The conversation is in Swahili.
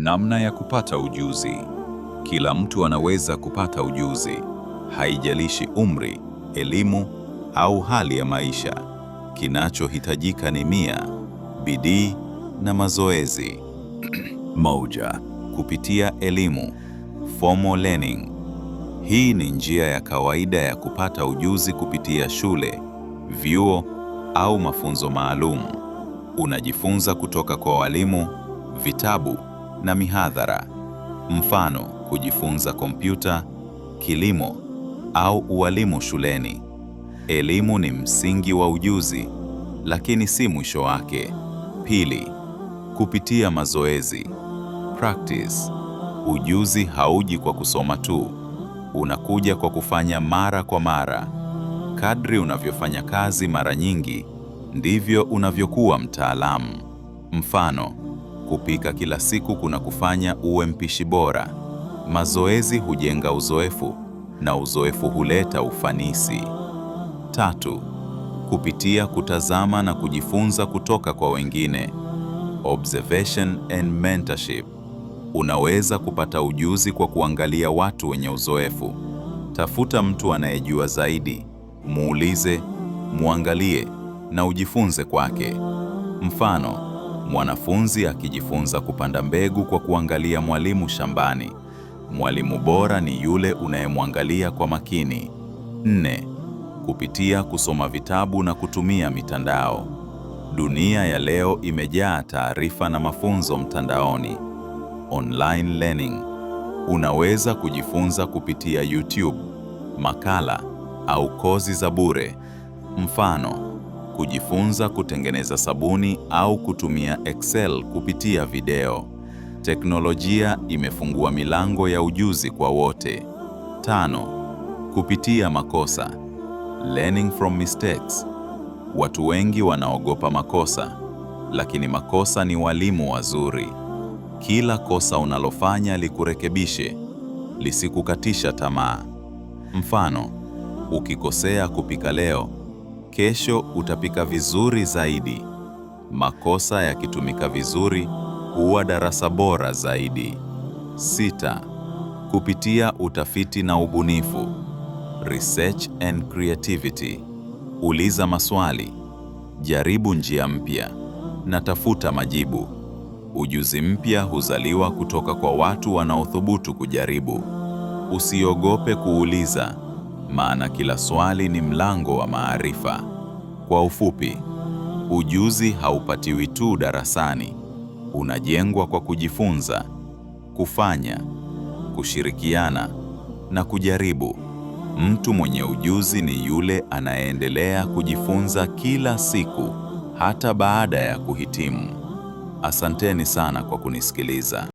Namna ya kupata ujuzi. Kila mtu anaweza kupata ujuzi, haijalishi umri, elimu au hali ya maisha. Kinachohitajika ni nia, bidii na mazoezi. Moja, kupitia elimu, formal learning. Hii ni njia ya kawaida ya kupata ujuzi kupitia shule, vyuo au mafunzo maalum. Unajifunza kutoka kwa walimu, vitabu na mihadhara, mfano kujifunza kompyuta, kilimo au ualimu shuleni. Elimu ni msingi wa ujuzi, lakini si mwisho wake. Pili, kupitia mazoezi practice. Ujuzi hauji kwa kusoma tu, unakuja kwa kufanya mara kwa mara. Kadri unavyofanya kazi mara nyingi, ndivyo unavyokuwa mtaalamu. Mfano, Kupika kila siku kuna kufanya uwe mpishi bora. Mazoezi hujenga uzoefu na uzoefu huleta ufanisi. Tatu, kupitia kutazama na kujifunza kutoka kwa wengine. Observation and mentorship. Unaweza kupata ujuzi kwa kuangalia watu wenye uzoefu. Tafuta mtu anayejua zaidi, muulize, muangalie na ujifunze kwake. Mfano, mwanafunzi akijifunza kupanda mbegu kwa kuangalia mwalimu shambani. Mwalimu bora ni yule unayemwangalia kwa makini. Nne, kupitia kusoma vitabu na kutumia mitandao. Dunia ya leo imejaa taarifa na mafunzo mtandaoni, online learning. Unaweza kujifunza kupitia YouTube, makala au kozi za bure. Mfano, kujifunza kutengeneza sabuni au kutumia Excel kupitia video. Teknolojia imefungua milango ya ujuzi kwa wote. Tano, kupitia makosa. Learning from mistakes. Watu wengi wanaogopa makosa, lakini makosa ni walimu wazuri. Kila kosa unalofanya likurekebishe, lisikukatisha tamaa. Mfano, ukikosea kupika leo kesho utapika vizuri zaidi. Makosa yakitumika vizuri huwa darasa bora zaidi. Sita, kupitia utafiti na ubunifu, research and creativity. Uliza maswali, jaribu njia mpya na tafuta majibu. Ujuzi mpya huzaliwa kutoka kwa watu wanaothubutu kujaribu. Usiogope kuuliza, maana kila swali ni mlango wa maarifa. Kwa ufupi, ujuzi haupatiwi tu darasani, unajengwa kwa kujifunza, kufanya, kushirikiana na kujaribu. Mtu mwenye ujuzi ni yule anayeendelea kujifunza kila siku, hata baada ya kuhitimu. Asanteni sana kwa kunisikiliza.